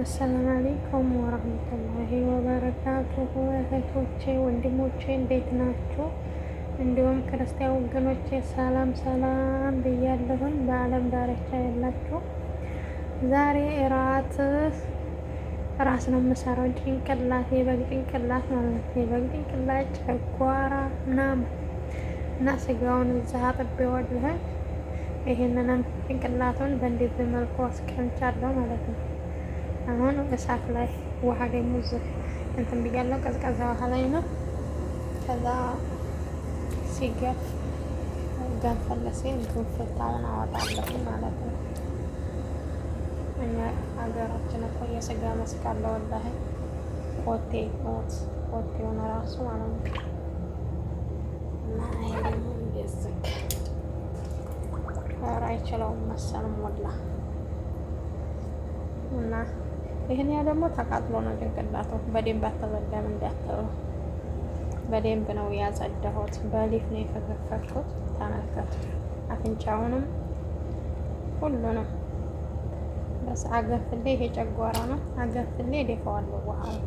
አሰላም አለይኩም ወረህመቱላሂ ወበረካቱሁ እህቶቼ ወንድሞቼ እንዴት ናችሁ? እንዲሁም ክርስቲያን ወገኖቼ ሰላም ሰላም ብያለሁኝ። በዓለም ዳርቻ ያላችሁ ዛሬ እራት ራስ ነው የምሰራው። ጭንቅላት የበግ ጭንቅላት ማለት ነው። የበግ ጭንቅላት ጨጓራ ናም እና ስጋውን እዛ አጥቤዋለሁኝ። ይህንንም ጭንቅላቱን በእንደዚህ መልኩ አስቀምጫለሁ ማለት ነው። አሁን እሳት ላይ ውሃ ላይ ዝህ እንትን ብያለው። ቀዝቀዛ ውሃ ላይ ነው። ከዛ ሲገፍ ገንፈለሴ ግንፍታውን አወጣለሁ ማለት ነው። እኛ ሀገራችን እኮ የስጋ መስክ አለ። ወላሂ ኮቴ ሞት ኮቴ የሆነ ራሱ ማለት ነው። እና ይህ ደግሞ እንደዚህ ኧረ አይችለውም መሰልም ወላ እና ይህን ያ ደግሞ ተቃጥሎ ነው ጭንቅላቱ። በደንብ አተበለም እንዳትለው በደንብ ነው ያጸዳሁት። በሊፍ ነው የፈገፈኩት። ተመልከቱ። አፍንጫውንም ሁሉንም በስ አገፍሌ ይሄ ጨጓራ ነው። አገፍሌ ደፋዋለሁ ነው።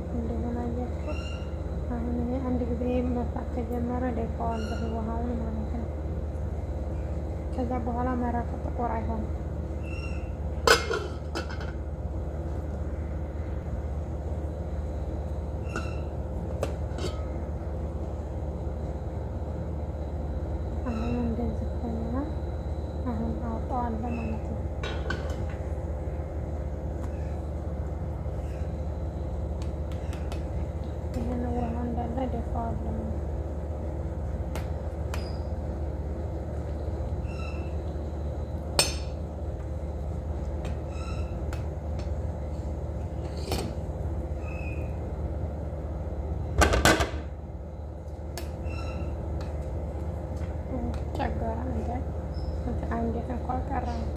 እንዴት እንደሆነ አያችሁ። አሁን እኔ አንድ ጊዜ ከጀመረ ተጀመረ ደፋዋለሁ ውሃውን ማለት ነው። ከዛ በኋላ መራቁ ጥቁር አይሆንም። ያለው ውሃ እንዳለ ደፋዋለሁ። ጨጓራ ነገር አንዴት እንኳን ቀረ ነው።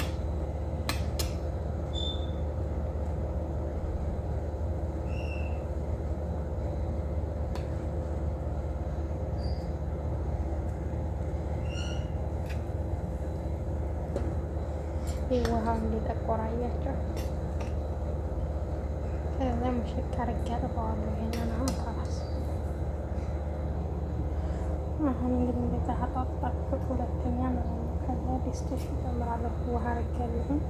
ይህ ውሃው እንዲጠቆር አያቸው። ከዛ ሙሽቅ አድርጌ አጥበዋለሁ። ይሄንን አሁን ከራስ አሁን እንግዲህ እንደተጣጣፍኩት ሁለተኛ ማለት ነው። ከዛ ዲስቶሽ እጨምራለሁ። ውሃ አድርጌ ያለሁን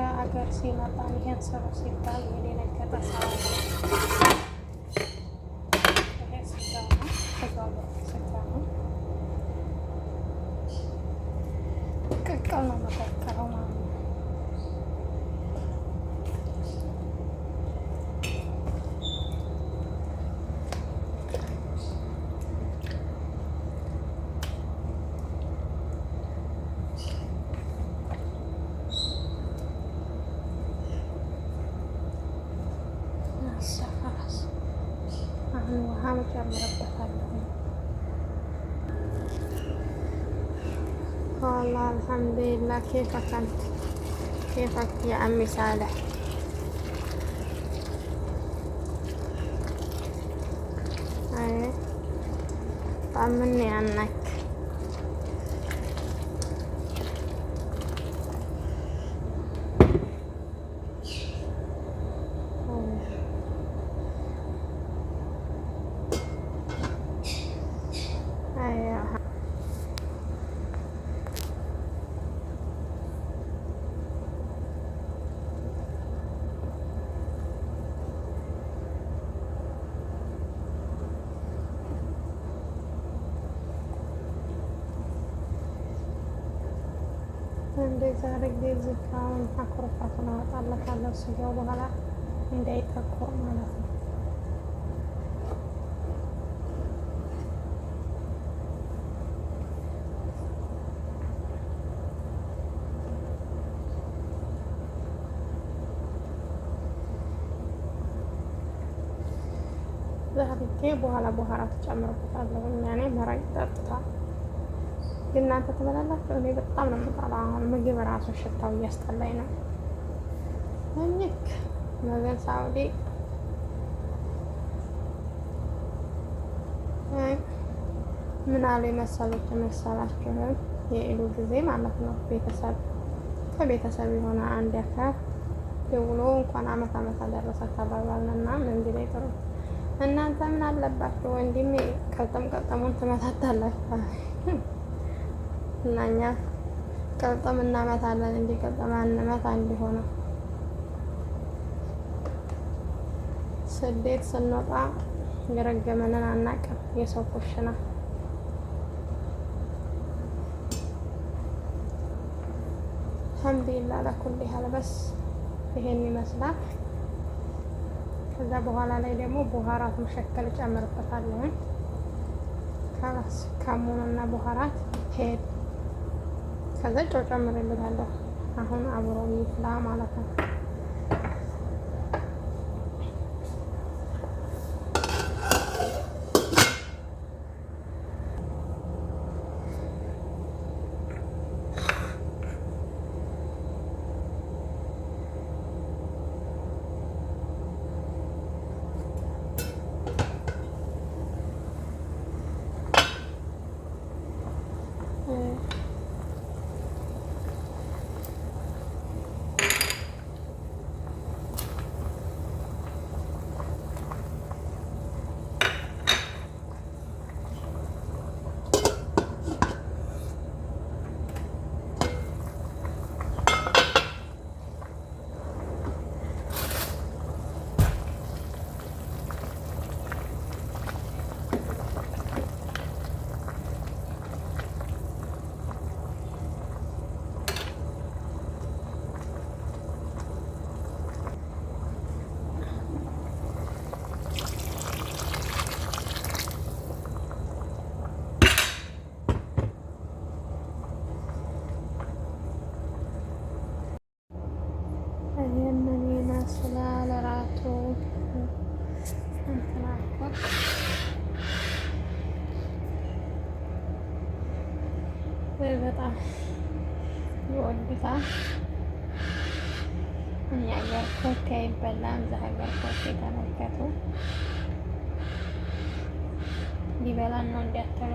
mereka iya, agar si mata yang sangat simpel ini naik ke atas awan. Oke, sama, sama, sama. cuaca merepotkan kalau alhamdulillah kefakan kefak ya ammi salah ayo tak menyenangkan እንደዛ አድርጌ ዝጋውን አኩርፋቱን አወጣለታለሁ ስጋው በኋላ እንዳይጠቆር ማለት ነው። ዛሬ በኋላ በኋላ ተጨምርበታለሁ። እኛ እኔ መራቅ ጠጥታ ግን እናንተ ትበላላችሁ። እኔ በጣም ነው የምጠላው። ምግብ ራሱ ሽታው እያስጠላኝ ነው። እኒክ መዘን ሳውዲ ምን አሉ የመሰሉት የመሰላችሁን የኢሉ ጊዜ ማለት ነው ቤተሰብ ከቤተሰብ የሆነ አንድ አካል ደውሎ እንኳን አመት አመት አደረሰ ተባባልንና ምን ጊዜ ጥሩ እናንተ ምን አለባችሁ ወንድሜ፣ ቀጠም ቀጠሙን ትመታታላችሁ እና እኛ ቅልጥም እናመታለን እንጂ ቅልጥም አንመታ እንዲሆነ ስደት ስንወጣ የረገመንን አናቅም። የሰው ኩሽና አልሐምዱሊላ ለኩል ሀልበስ ይሄን ይመስላል። ከዛ በኋላ ላይ ደግሞ ቡሃራት መሸከል ጨምርበታለሁ። ከሙኑና ካሙንና ቡሃራት ሄድ ከዛ ጨው ጨምሬበታለሁ። አሁን አብሮ ይፍላ ማለት ነው። በጣም ይወዱታል። እኛ ሀገር ኮቴ አይበላም፣ እዛ ሀገር ኮቴ ተመልከቱ። ሊበላን ነው እንዲያትሉ